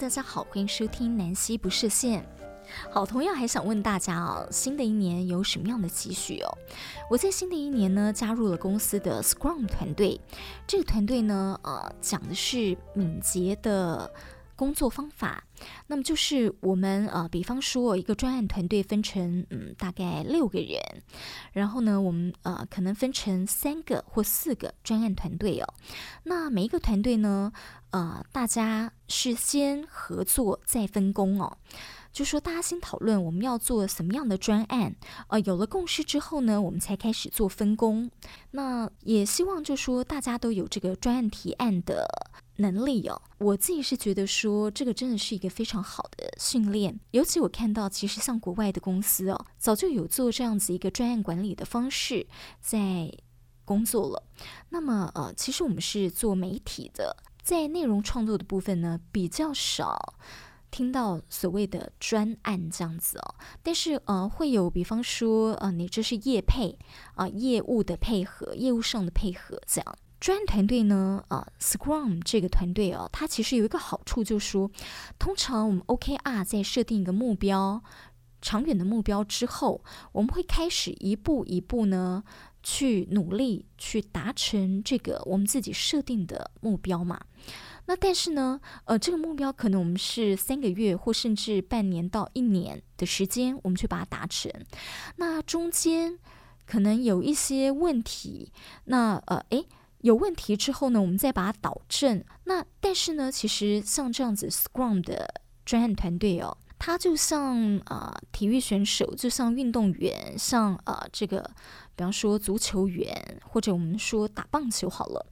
大家好，歡迎收聽南希不設限。好，同樣還想問大家啊、哦，新的一年有什麼樣的期許哦？我在新的一年呢，加入了公司的 Scrum 團隊，這個團隊呢，呃，講的是敏捷的。工作方法，那麼就是我們呃，比方說一個專案團隊分成嗯，大概六個人，然後呢，我們呃可能分成三個或四個專案團隊哦。那每一個團隊呢，呃，大家是先合作再分工哦，就說大家先討論我們要做什麼樣的專案，呃，有了共識之後呢，我們才開始做分工。那也希望就說大家都有這個專案提案的。能力哦，我自己是覺得說這個真的是一個非常好的訓練，尤其我看到其實像國外的公司哦，早就有做這樣子一個專案管理的方式在工作了。那麼呃，其實我們是做媒體的，在內容創作的部分呢，比較少聽到所謂的專案這樣子哦，但是呃會有，比方說呃你這是業配啊、呃、業務的配合，業務上的配合這樣。專業團隊呢？啊，Scrum 這個團隊哦，它其實有一個好處，就是說通常我們 OKR 在設定一個目標、長遠的目標之後，我們會開始一步一步呢去努力去達成這個我們自己設定的目標嘛。那但是呢，呃，這個目標可能我們是三個月或甚至半年到一年的時間，我們去把它達成。那中間可能有一些問題，那呃，哎。有問題之後呢，我們再把它導正。那但是呢，其實像這樣子 Scrum 的專案團隊哦，他就像啊、呃、體育選手，就像運動員，像啊、呃、這個，比方說足球員，或者我們說打棒球好了，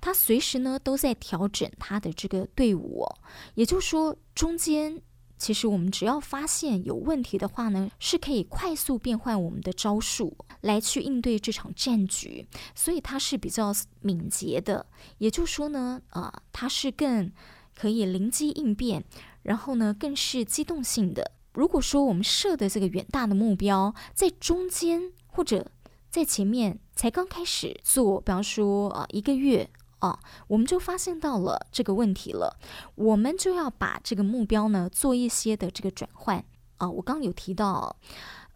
他隨時呢都在調整他的這個隊伍、哦。也就是說，中間。其實我們只要發現有問題的話呢，是可以快速變換我們的招數來去應對這場戰局，所以它是比較敏捷的。也就是說呢，啊、呃，它是更可以靈機應變，然後呢，更是機動性的。如果說我們設的這個遠大的目標在中間或者在前面才剛開始做，比方說啊、呃，一個月。哦、我們就發現到了這個問題了，我們就要把這個目標呢做一些的這個轉換啊、哦。我剛有提到，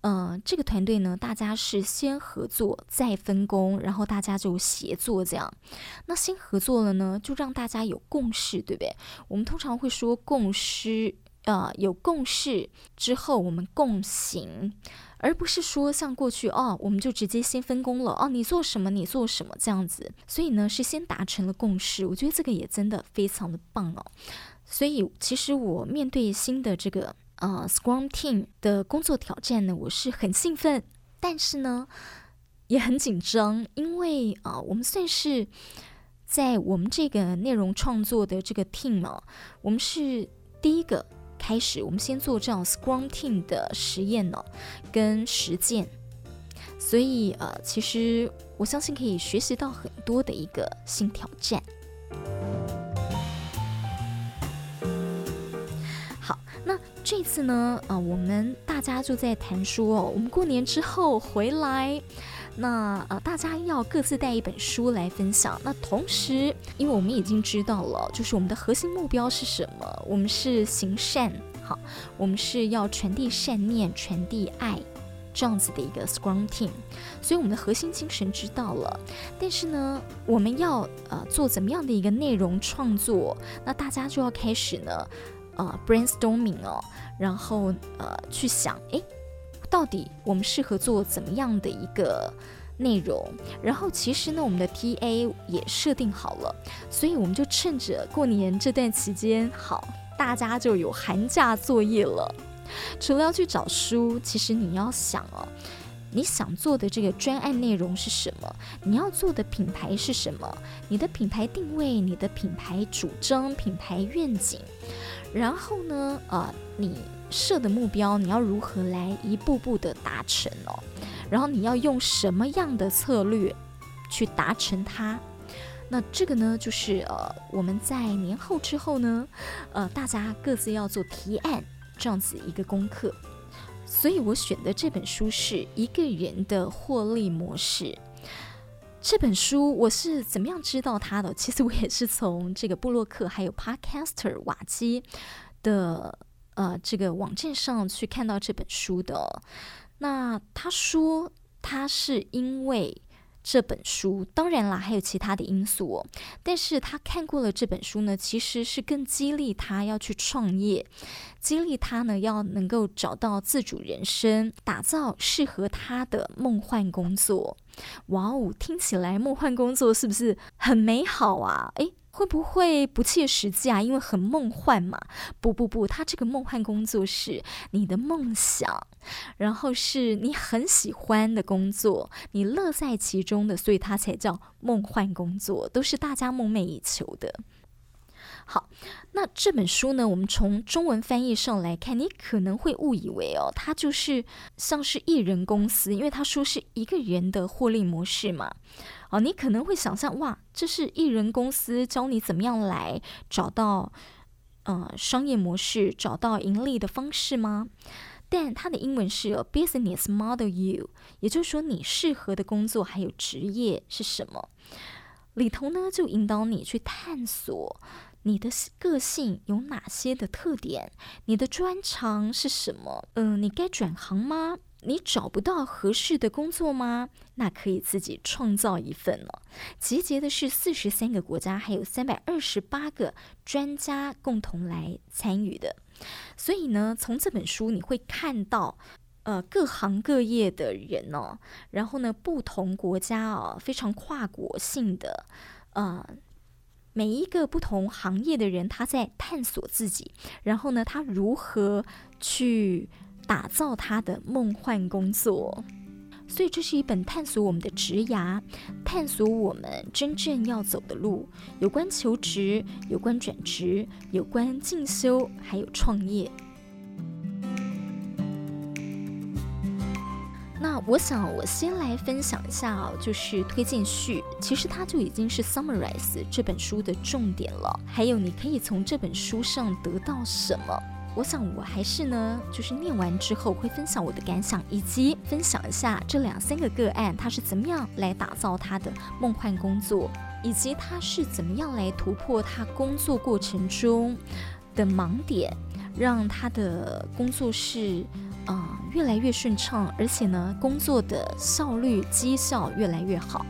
嗯、呃，這個團隊呢，大家是先合作再分工，然後大家就協作這樣。那先合作了呢，就讓大家有共識，對不對？我們通常會說共識，啊、呃，有共識之後我們共行。而不是說像過去哦，我們就直接先分工了哦，你做什麼你做什麼這樣子，所以呢是先達成了共識，我覺得這個也真的非常的棒哦。所以其實我面對新的這個呃 Scrum Team 的工作挑戰呢，我是很興奮，但是呢也很緊張，因為啊、呃、我們算是在我們這個內容創作的這個 Team 嘛、哦，我們是第一個。開始，我們先做這樣 scrum t i n g 的實驗呢、哦，跟實踐，所以呃，其實我相信可以學習到很多的一個新挑戰。好，那這次呢，啊、呃，我們大家就在談書哦，我們過年之後回來。那呃，大家要各自帶一本書來分享。那同時，因為我們已經知道了，就是我們的核心目標是什麼，我們是行善，好，我們是要傳遞善念、傳遞愛，這樣子的一個 scrum team。所以我們的核心精神知道了。但是呢，我們要呃做怎麼樣的一個內容創作？那大家就要開始呢，呃，brainstorming 哦，然後呃去想，哎。到底我們適合做怎麼樣的一個內容？然後其實呢，我們的 TA 也設定好了，所以我們就趁着過年這段期間，好，大家就有寒假作業了。除了要去找書，其實你要想哦、啊，你想做的這個專案內容是什麼？你要做的品牌是什麼？你的品牌定位、你的品牌主張、品牌願景，然後呢，呃，你，設的目標，你要如何來一步步的達成哦？然後你要用什麼樣的策略去達成它？那這個呢，就是呃，我們在年後之後呢，呃，大家各自要做提案這樣子一個功課。所以我選的這本書是《一個人的獲利模式》這本書，我是怎麼樣知道它的？其實我也是從這個部落客還有 Podcaster 瓦基的，呃，這個網站上去看到這本書的哦，那他說他是因為這本書，當然啦，還有其他的因素。但是他看過了這本書呢，其實是更激勵他要去創業，激勵他呢要能夠找到自主人生，打造適合他的夢幻工作。哇哦，聽起來夢幻工作是不是很美好啊？誒。會不會不切實際啊？因為很夢幻嘛。不不不，他這個夢幻工作是你的夢想，然後是你很喜歡的工作，你樂在其中的，所以它才叫夢幻工作，都是大家夢寐以求的。好，那這本書呢？我們從中文翻譯上來看，你可能會誤以為哦，它就是像是一人公司，因為他說是一個人的獲利模式嘛。啊、哦，你可能會想象哇，這是一人公司教你怎麼樣來找到呃商業模式，找到盈利的方式嗎？但它的英文是 a、哦、Business Model You，也就是說你適合的工作還有職業是什麼？裡頭呢，就引導你去探索。你的個性有哪些的特點？你的專長是什麼？嗯，你該轉行嗎？你找不到合適的工作嗎？那可以自己創造一份了、哦。集結的是四十三個國家，還有三百二十八個專家共同來參與的。所以呢，從這本書你會看到，呃，各行各業的人呢、哦，然後呢，不同國家啊、哦，非常跨國性的，呃。每一個不同行業的人，他在探索自己，然後呢，他如何去打造他的夢幻工作。所以，這是一本探索我們的職涯，探索我們真正要走的路，有關求職，有關轉職，有關進修，還有創業。我想，我先來分享一下啊，就是推薦序，其實它就已經是 summarize 這本書的重點了。還有，你可以從這本書上得到什麼？我想，我還是呢，就是念完之後會分享我的感想，以及分享一下這兩三個個案，它是怎麼樣來打造他的夢幻工作，以及他是怎麼樣來突破他工作過程中的盲點，讓他的工作室。啊、嗯，越來越順暢，而且呢，工作的效率、績效越來越好。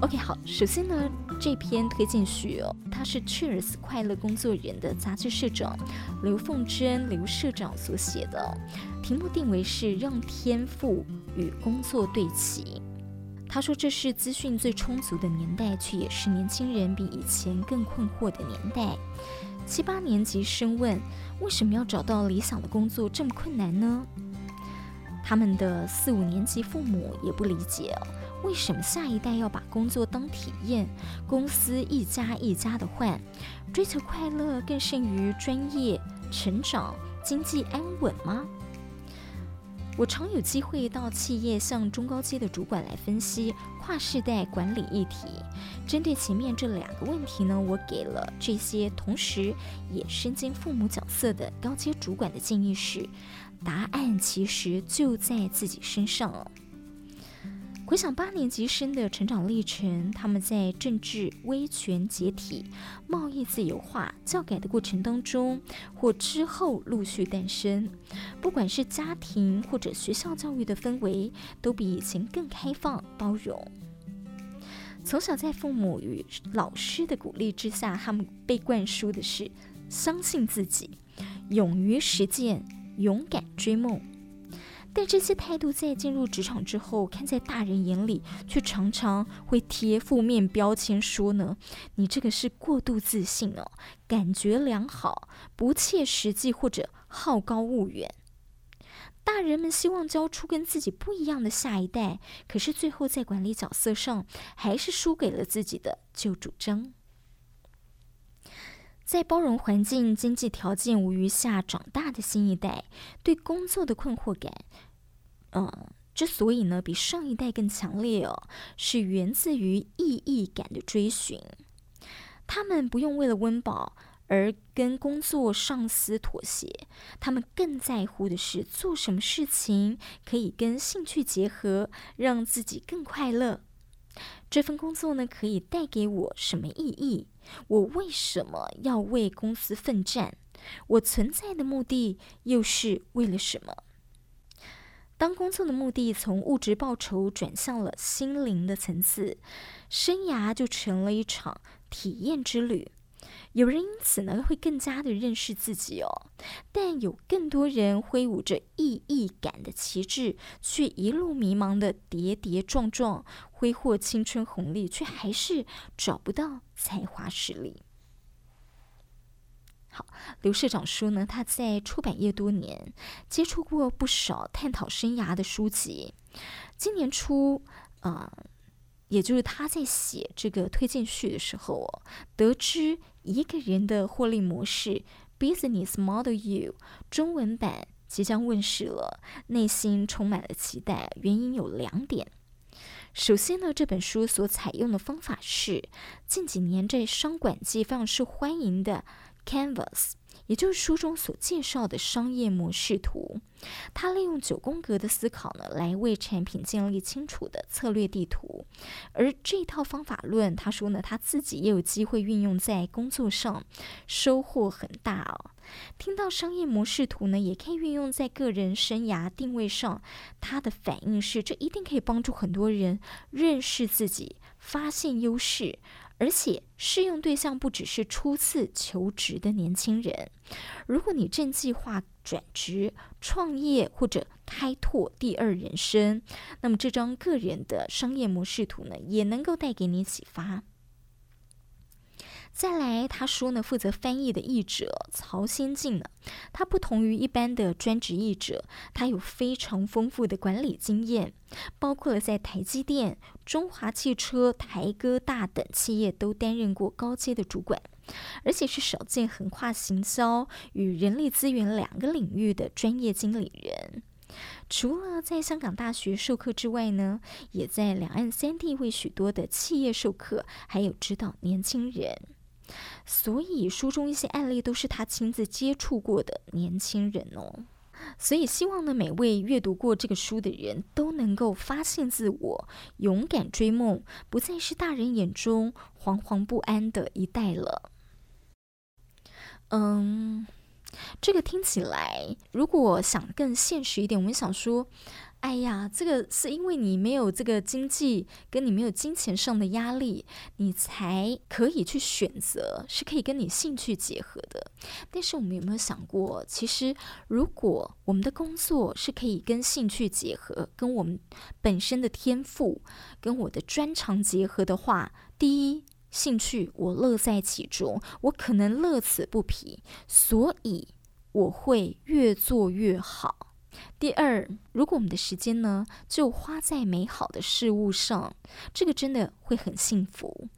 OK，好，首先呢，這篇推薦序哦，它是 Cheers 快樂工作人的雜誌社長劉鳳珍劉社長所寫的，題目定為是讓天賦與工作對齊。他說：“這是資訊最充足的年代，卻也是年輕人比以前更困惑的年代。七八年級生問：為什麼要找到理想的工作這麼困難呢？他們的四五年級父母也不理解，為什麼下一代要把工作當體驗，公司一家一家的換，追求快樂更甚於專業成長、經濟安穩嗎？”我常有機會到企業向中高階的主管來分析跨世代管理議題。針對前面這兩個問題呢，我給了這些同時也身兼父母角色的高階主管的建議是：答案其實就在自己身上了。回想八年級生的成長歷程，他們在政治威權解體、貿易自由化、教改的過程當中或之後陸續誕生。不管是家庭或者學校教育的氛圍，都比以前更開放包容。從小在父母與老師的鼓勵之下，他們被灌輸的是相信自己、勇於實踐、勇敢追夢。但這些態度在進入職場之後，看在大人眼裡，卻常常會貼負面標籤，說呢，你這個是過度自信哦，感覺良好，不切實際或者好高騖遠。大人們希望教出跟自己不一樣的下一代，可是最後在管理角色上，還是輸給了自己的舊主張。在包容環境、經濟條件無虞下長大的新一代，對工作的困惑感，嗯，之所以呢比上一代更強烈哦，是源自於意義感的追尋。他們不用為了溫飽而跟工作上司妥協，他們更在乎的是做什麼事情可以跟興趣結合，讓自己更快樂。這份工作呢，可以帶給我什麼意義？我為什麼要為公司奮戰？我存在的目的又是為了什麼？當工作的目的從物質報酬轉向了心靈的層次，生涯就成了一場體驗之旅。有人因此呢會更加的認識自己哦，但有更多人揮舞着意義感的旗幟，卻一路迷茫的跌跌撞撞，揮霍青春紅利，卻還是找不到才華實力。好，劉社長說呢，他在出版業多年，接觸過不少探討生涯的書籍，今年初啊。呃也就是他在寫這個推薦序的時候得知一個人的獲利模式《Business Model You》中文版即將問世了，內心充滿了期待。原因有兩點：首先呢，這本書所採用的方法是近幾年在商管界非常受歡迎的 Canvas。也就是書中所介紹的商業模式圖，他利用九宮格的思考呢，來為產品建立清楚的策略地圖。而這套方法論，他說呢，他自己也有機會運用在工作上，收穫很大啊、哦。聽到商業模式圖呢，也可以運用在個人生涯定位上。他的反應是，這一定可以幫助很多人認識自己，發現優勢。而且，適用對象不只是初次求職的年輕人。如果你正計劃轉職、創業或者開拓第二人生，那麼這張個人的商業模式圖呢，也能夠帶給你啟發。再來，他說呢，負責翻譯的譯者曹先進呢，他不同於一般的專職譯者，他有非常豐富的管理經驗，包括了在台積電、中華汽車、台哥大等企業都擔任過高階的主管，而且是少見橫跨行銷與人力資源兩個領域的專業經理人。除了在香港大學授課之外呢，也在兩岸三地為許多的企業授課，還有指導年輕人。所以書中一些案例都是他親自接觸過的年輕人哦，所以希望呢，每位閱讀過這個書的人都能夠發現自我，勇敢追夢，不再是大人眼中惶惶不安的一代了。嗯，這個聽起來，如果想更現實一點，我們想說。哎呀，這個是因為你沒有這個經濟，跟你沒有金錢上的壓力，你才可以去選擇，是可以跟你興趣結合的。但是我們有沒有想過，其實如果我們的工作是可以跟興趣結合，跟我們本身的天賦，跟我的專長結合的話，第一，興趣我樂在其中，我可能樂此不疲，所以我會越做越好。第二，如果我們的時間呢，就花在美好的事物上，這個真的會很幸福。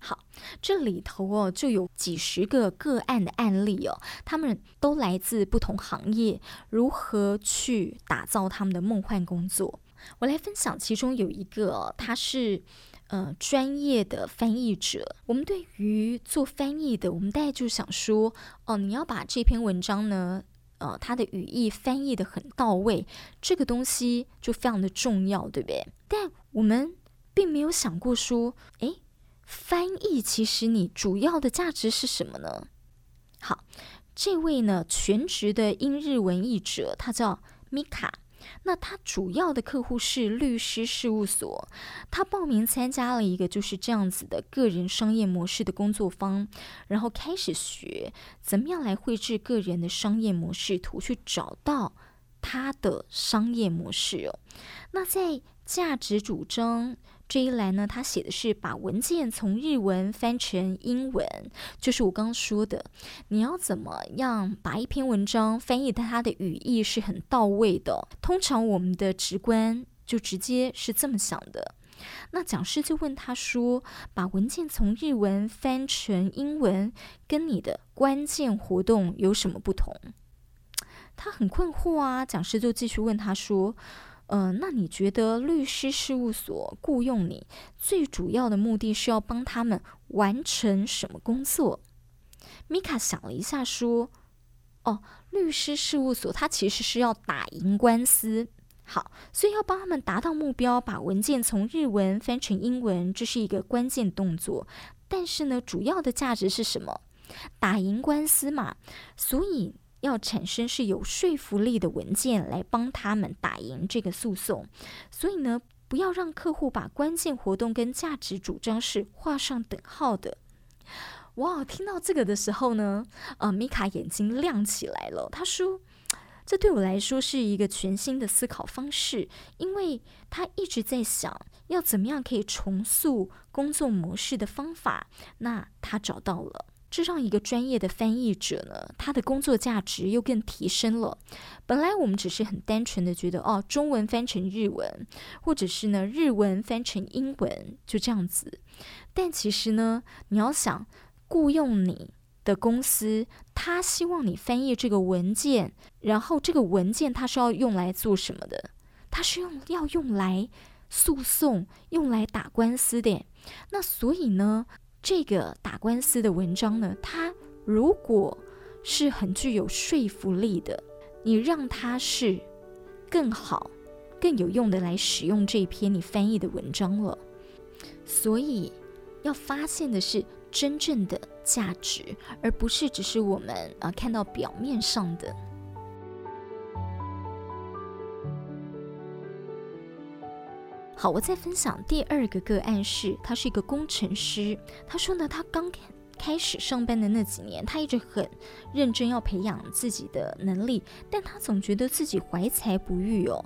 好，這裡頭哦，就有幾十個個個案的案例哦，他們都來自不同行業，如何去打造他們的夢幻工作。我來分享其中有一個，他是呃專業的翻譯者。我們對於做翻譯的，我們大家就想說，哦，你要把這篇文章呢。呃，他的語義翻譯得很到位，這個東西就非常的重要，對不對？但我們並沒有想過說，哎，翻譯其實你主要的價值是什麼呢？好，這位呢，全職的英日文譯者，他叫米卡。那他主要的客戶是律師事務所，他報名參加了一個就是這樣子的個人商業模式的工作坊，然後開始學怎麼樣來繪制個人的商業模式圖，去找到他的商業模式哦。那在價值主張。這一欄呢，他寫的是把文件從日文翻成英文，就是我剛剛說的，你要怎麼樣把一篇文章翻譯到它的語義是很到位的。通常我們的直觀就直接是這麼想的。那講師就問他說，把文件從日文翻成英文，跟你的關鍵活動有什麼不同？他很困惑啊。講師就繼續問他說。呃，那你覺得律師事務所雇傭你最主要的目的是要幫他們完成什麼工作？米卡想了一下，說：“哦，律師事務所它其實是要打贏官司，好，所以要幫他們達到目標，把文件從日文翻成英文，這是一個關鍵動作。但是呢，主要的價值是什麼？打贏官司嘛，所以。”要產生是有說服力的文件來幫他們打贏這個訴訟，所以呢，不要讓客戶把關鍵活動跟價值主張是畫上等號的。哇，聽到這個的時候呢，呃、啊，米卡眼睛亮起來了。他說，這對我來說是一個全新的思考方式，因為他一直在想要怎麼樣可以重塑工作模式的方法，那他找到了。這讓一個專業的翻譯者呢，他的工作價值又更提升了。本來我們只是很單純的覺得，哦，中文翻成日文，或者是呢，日文翻成英文，就這樣子。但其實呢，你要想雇傭你的公司，他希望你翻譯這個文件，然後這個文件他是要用來做什麼的？他是用要用來訴訟，用來打官司的。那所以呢？這個打官司的文章呢，它如果是很具有說服力的，你讓它是更好、更有用的來使用這篇你翻譯的文章了。所以要發現的是真正的價值，而不是只是我們啊看到表面上的。好，我再分享第二個個案是，他是一個工程師。他說呢，他剛開始上班的那幾年，他一直很認真，要培養自己的能力，但他總覺得自己懷才不遇哦。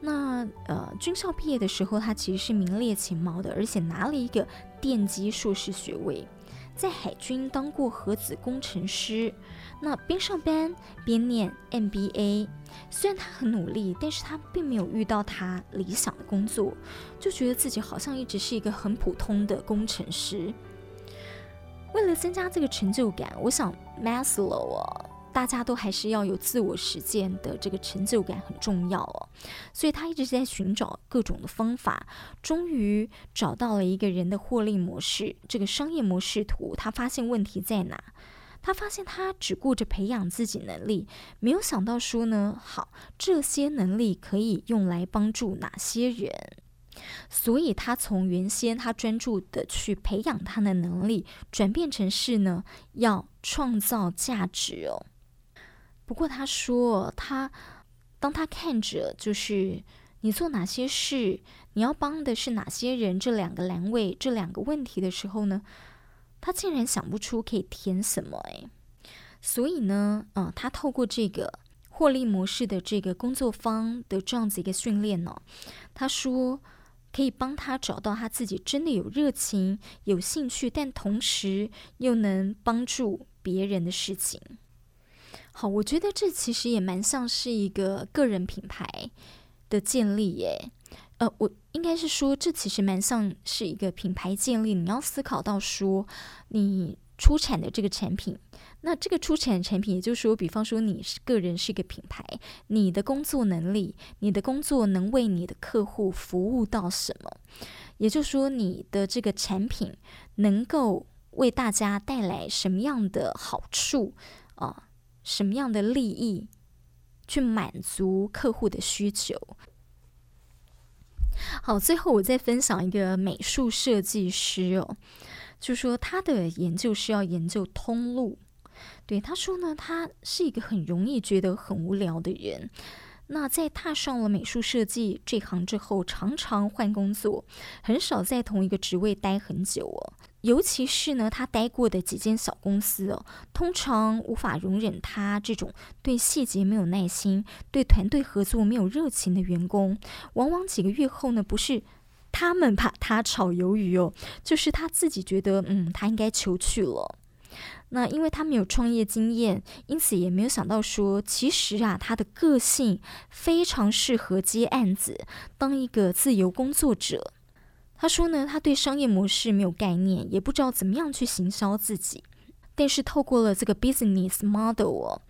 那呃，軍校畢業的時候，他其實是名列前茅的，而且拿了一個電機碩士學位。在海軍當過核子工程師，那邊上班邊念 MBA。雖然他很努力，但是他並沒有遇到他理想的工作，就覺得自己好像一直是一個很普通的工程師。為了增加這個成就感，我想 Maslow 了我。大家都還是要有自我實踐的這個成就感很重要哦，所以他一直在尋找各種的方法，終於找到了一個人的獲利模式。這個商業模式圖，他發現問題在哪？他發現他只顧着培養自己能力，沒有想到說呢，好，這些能力可以用來幫助哪些人？所以他從原先他專注的去培養他的能力，轉變成是呢，要創造價值哦。不過，他說他當他看着就是你做哪些事，你要幫的是哪些人，這兩個欄位，這兩個問題的時候呢，他竟然想不出可以填什麼誒、哎，所以呢，嗯、呃，他透過這個獲利模式的這個工作坊的這樣子一個訓練呢、哦，他說可以幫他找到他自己真的有熱情、有興趣，但同時又能幫助別人的事情。好，我覺得這其實也蠻像是一個個人品牌的建立耶。呃，我應該是說，這其實蠻像是一個品牌建立。你要思考到說，你出產的這個產品，那這個出產產品，也就是說，比方說你是個人是一個品牌，你的工作能力，你的工作能為你的客戶服務到什麼？也就是說，你的這個產品能夠為大家帶來什麼樣的好處啊？呃什麼樣的利益去滿足客戶的需求？好，最後我再分享一個美術設計師哦，就說他的研究是要研究通路。對，他說呢，他是一個很容易覺得很無聊的人。那在踏上了美術設計這行之後，常常換工作，很少在同一個職位待很久哦。尤其是呢，他待過的幾間小公司哦，通常無法容忍他這種對細節沒有耐心、對團隊合作沒有熱情的員工。往往幾個月後呢，不是他們把他炒魷魚哦，就是他自己覺得嗯，他應該求去了。那因為他沒有創業經驗，因此也沒有想到說，其實啊，他的個性非常適合接案子，當一個自由工作者。他說呢，他對商業模式沒有概念，也不知道怎麼樣去行銷自己。但是透過了這個 business model 哦，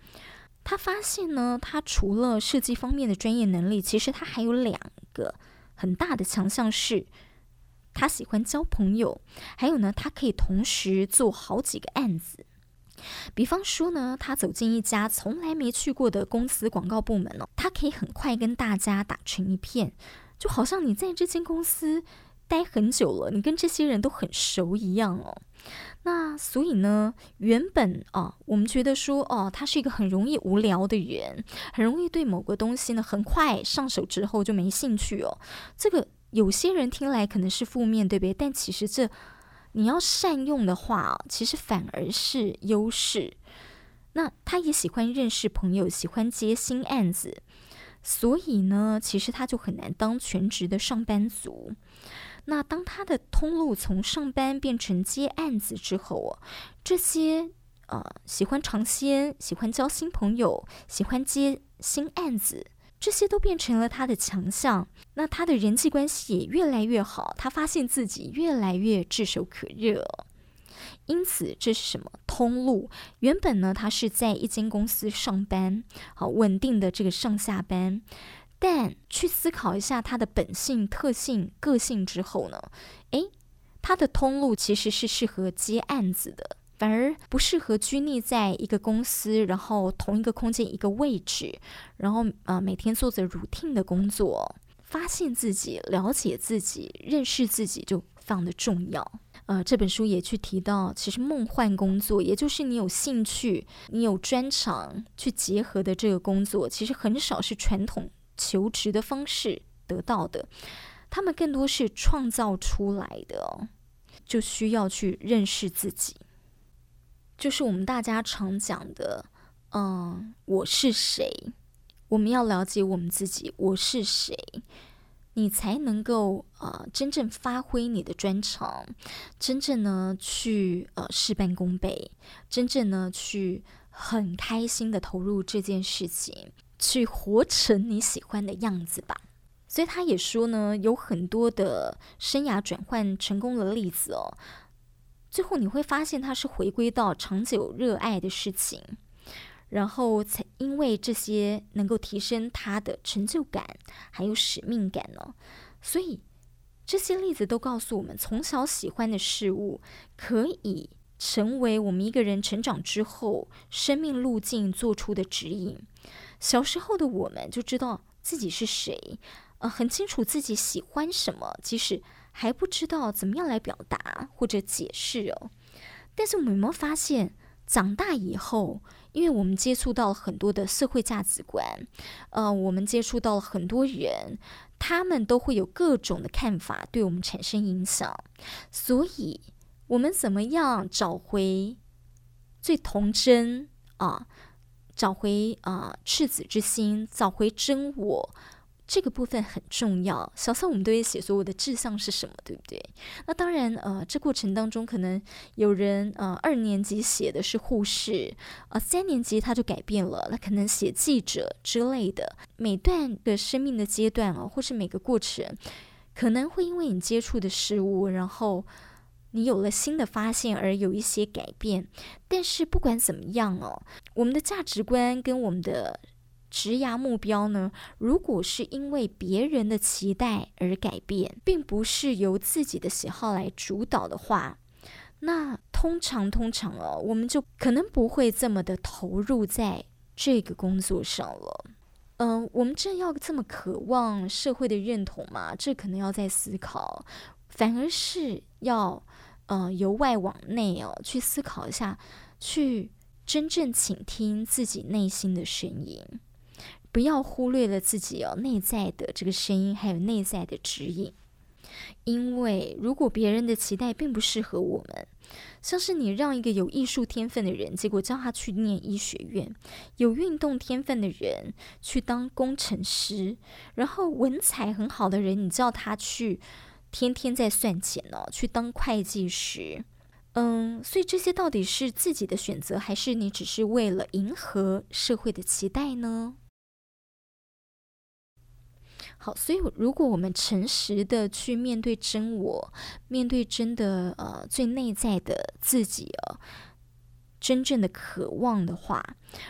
他發現呢，他除了設計方面的專業能力，其實他還有兩個很大的強項是，他喜歡交朋友，還有呢，他可以同時做好幾個案子。比方說呢，他走進一家從來沒去過的公司廣告部門哦，他可以很快跟大家打成一片，就好像你在這間公司，待很久了，你跟這些人都很熟一樣哦。那所以呢，原本啊，哦，我們覺得說哦，他是一個很容易無聊的人，很容易對某個東西呢，很快上手之後就沒興趣哦。這個有些人聽來可能是負面，對不對？但其實這你要善用的話，其實反而是優勢。那他也喜歡認識朋友，喜歡接新案子，所以呢，其實他就很難當全職的上班族。那當他的通路從上班變成接案子之後，這些，呃，喜歡嚐鮮、喜歡交新朋友、喜歡接新案子，這些都變成了他的強項。那他的人際關係也越來越好，他發現自己越來越炙手可熱。因此，這是什麼通路？原本呢，他是在一間公司上班，好穩定的這個上下班。但去思考一下他的本性、特性、個性之後呢，誒，他的通路其實是適合接案子的，反而不適合拘泥在一個公司，然後同一個空間、一個位置，然後啊、呃、每天做着 routine 的工作。發現自己、了解自己、認識自己就非常的重要。呃，這本書也去提到，其實夢幻工作，也就是你有興趣、你有專長去結合的這個工作，其實很少是傳統求職的方式得到的，他們更多是創造出來的，就需要去認識自己，就是我們大家常講的，嗯、呃，我是誰？我們要了解我們自己，我是誰？你才能夠啊、呃，真正發揮你的專長，真正呢，去呃事半功倍，真正呢，去很開心的投入這件事情。去活成你喜歡的樣子吧。所以他也說呢，有很多的生涯轉換成功的例子哦。最後你會發現，他是回歸到長久熱愛的事情，然後才因為這些能夠提升他的成就感，還有使命感哦。所以這些例子都告訴我們，從小喜歡的事物，可以成為我們一個人成長之後生命路徑做出的指引。小時候的我們就知道自己是誰，呃，很清楚自己喜歡什麼，即使還不知道怎麼樣來表達或者解釋哦。但是我們有沒有發現，長大以後，因為我們接觸到了很多的社會價值觀，呃，我們接觸到了很多人，他們都會有各種的看法，對我們產生影響。所以，我們怎麼樣找回最童真啊？找回啊、呃、赤子之心，找回真我，這個部分很重要。小三我們都會寫說我的志向是什麼，對不對？那當然，呃，這過程當中可能有人呃二年級寫的是護士，呃，三年級他就改變了，那可能寫記者之類的。每段的生命的階段啊，或是每個過程，可能會因為你接觸的事物，然後，你有了新的發現，而有一些改變，但是不管怎麼樣哦，我們的價值觀跟我們的職業目標呢，如果是因為別人的期待而改變，並不是由自己的喜好來主導的話，那通常通常哦，我們就可能不會這麼的投入在這個工作上了。嗯、呃，我們真要這麼渴望社會的認同嗎？這可能要再思考，反而是要。呃，由外往內哦，去思考一下，去真正傾聽自己內心的聲音，不要忽略了自己哦，內在的這個聲音，還有內在的指引。因為如果別人的期待並不適合我們，像是你讓一個有藝術天分的人，結果叫他去念醫學院；有運動天分的人去當工程師，然後文采很好的人，你叫他去。天天在算錢呢、哦，去當會計師。嗯，所以這些到底是自己的選擇，還是你只是為了迎合社會的期待呢？好，所以如果我們誠實的去面對真我，面對真的呃最內在的自己呃真正的渴望的話，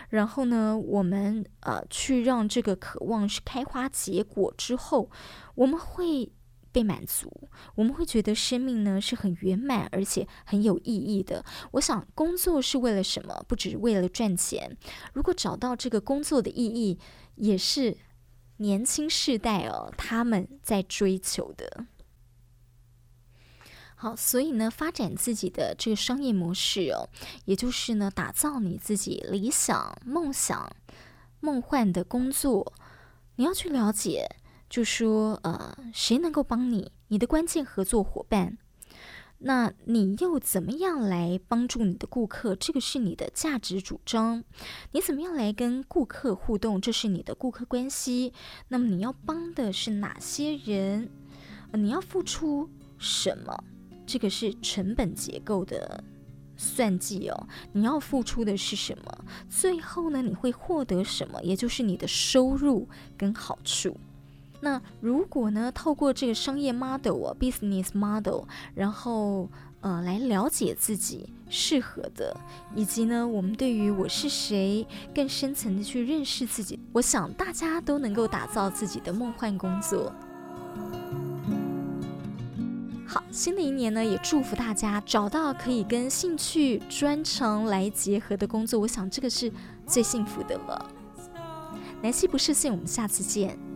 然後呢，我們呃去讓這個渴望是開花結果之後，我們會。被滿足，我們會覺得生命呢是很圓滿，而且很有意義的。我想工作是為了什麼？不只是為了賺錢。如果找到這個工作的意義，也是年輕世代哦他們在追求的。好，所以呢，發展自己的這個商業模式哦，也就是呢，打造你自己理想、夢想、夢幻的工作，你要去了解。就說，呃，誰能夠幫你？你的關鍵合作夥伴，那你又怎麼樣來幫助你的顧客？這個是你的價值主張。你怎麼樣來跟顧客互動？這是你的顧客關係。那麼你要幫的是哪些人？呃，你要付出什麼？這個是成本結構的算計哦。你要付出的是什麼？最後呢，你會獲得什麼？也就是你的收入跟好處。那如果呢，透過這個商業 model 啊，business model，然後呃，來了解自己適合的，以及呢我們對於我是誰，更深層的去認識自己，我想大家都能夠打造自己的夢幻工作。好，新的一年呢，也祝福大家找到可以跟興趣專長來結合的工作，我想這個是最幸福的了。南希不設限，我們下次見。